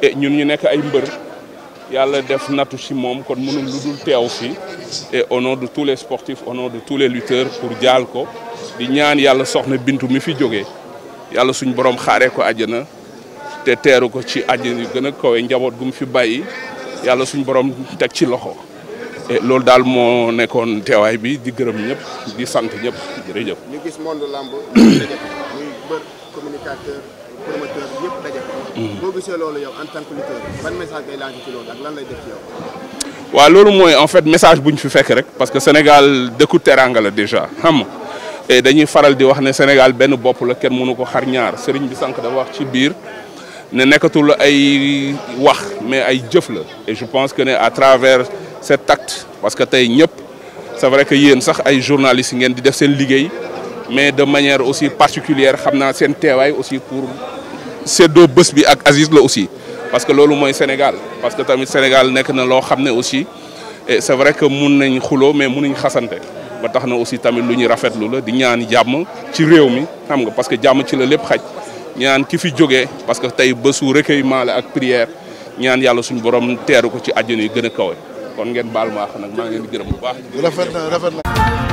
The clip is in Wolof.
et eh, ñun ñu nekk ay mbër yàlla def nattu ci moom kon mënul lu dul teew fii et au nom de tous les sportifs au nom de tous les lutteurs pour jaal ko di ñaan yàlla soxna Bintu mi fi jógee yàlla suñ borom xaaree ko àjjana te teeru ko ci àjjana yu gën a kawe njaboot gu fi bàyyi yàlla suñ borom teg ci loxo et loolu daal moo nekkoon teewaay bi di gërëm ñëpp di sant ñëpp jërëjëf. ñu gis monde lamb promoteur yëpp daje hmm. bo gisee lolu yow en tant que leader ban message ngay lancé ci lolu ak lan lay def ci yow wa lolu moy en fait message buñ fi fekk rek parce que Sénégal dëkku teranga la déjà xam nga dañuy faral di wax né Sénégal benn bopp la kenn mënu ko xar ñaar sëriñ bi sank da wax ci biir né nekatul ay wax mais ay jëf la et je pense que né à travers cet acte parce que tay ñëpp c'est vrai que yeen sax ay journalistes ngeen di def sen liguey mais de manière aussi particulière xam naa seen teewaay aussi pour seddoo bés bi ak Aziz la aussi parce que loolu mooy Sénégal parce que tamit Sénégal nekk na loo xam aussi et c'est vrai que mun nañ xuloo mais munuñ xasante ba tax na aussi tamit luñu ñuy rafetlu la di ñaan jamm ci réew mi xam nga parce que jamm ci la lépp xaj ñaan ki fi jógee parce que tay besu recueillement la ak prière ñaan yalla suñu borom teeru ko ci àjjana yu gën a kon ngeen baal maax nak ma ngi leen di gërëm bu baax. rafet na rafet na.